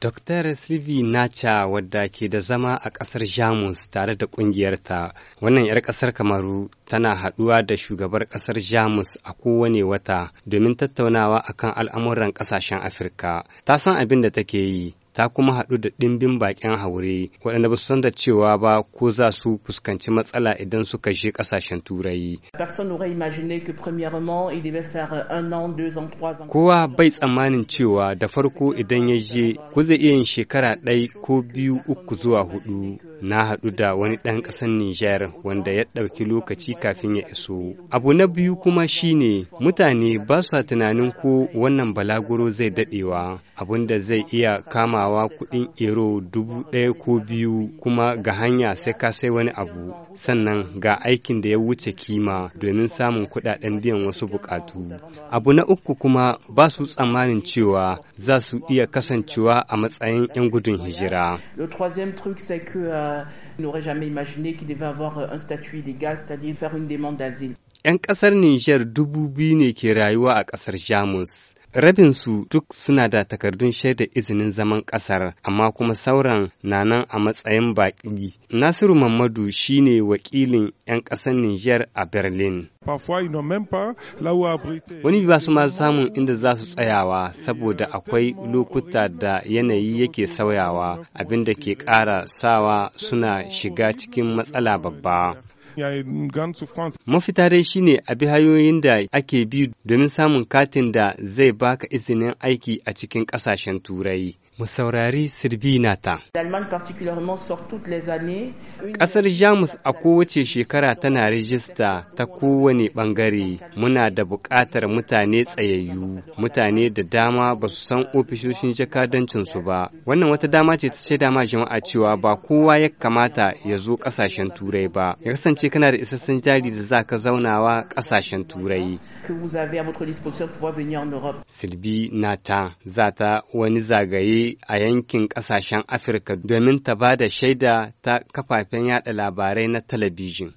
Dr. Sylvie Nacha wadda ke da zama a ƙasar Jamus tare da ƙungiyarta, wannan 'yar ƙasar Kamaru tana haɗuwa da shugabar ƙasar Jamus a kowane wata domin tattaunawa akan al'amuran ƙasashen Afirka. Ta san abin da take yi, ta kuma haɗu da ɗimbin baƙin haure waɗanda ba su san da cewa ba ko za su fuskanci matsala idan suka je ƙasashen turai. Kowa bai tsammanin cewa da farko idan ya je ko zai iya yin shekara ɗaya ko biyu uku zuwa hudu na haɗu da wani ɗan ƙasar Nijar wanda ya ɗauki lokaci kafin ya iso. Abu na biyu kuma shine mutane ba sa tunanin ko wannan balaguro zai daɗewa. abinda zai iya kamawa kuɗin ero dubu ɗaya ko biyu kuma ga hanya sai ka sai wani abu sannan ga aikin da ya wuce kima domin samun kuɗaɗen biyan wasu buƙatu abu na uku kuma ba su tsammanin cewa za su iya kasancewa a matsayin 'yan gudun hijira euh, ‘Yan ƙasar Nijar dubu biyu ne ke rayuwa a ƙasar Jamus, rabinsu duk suna da takardun shaida izinin zaman ƙasar amma kuma sauran na nan a matsayin baƙi. Nasiru Mamadu shine wakilin 'yan ƙasar Nijar a Berlin. Wani ba su ma samun inda za su tsayawa saboda akwai lokuta da yanayi yake sauyawa abinda ke ƙara sawa suna shiga cikin matsala babba. Mafita dai ne a bihayoyin hanyoyin da ake bi domin samun katin da zai baka izinin aiki a cikin ƙasashen Turai. mu saurari Sirbinata. Ƙasar Jamus a kowace shekara tana rijista ta kowane bangare muna da buƙatar mutane tsayayyu, mutane da dama ba su san ofishoshin jakadancinsu ba. Wannan wata dama ce ta ce dama jama'a cewa ba kowa ya kamata ya zo ƙasashen turai ba. Ya kasance kana da isassun jari da za ka zaunawa ƙasashen turai. sirbi Nata za ta wani zagaye yi a yankin ƙasashen Afirka domin ta ba da shaida ta kafafen yada labarai na talabijin.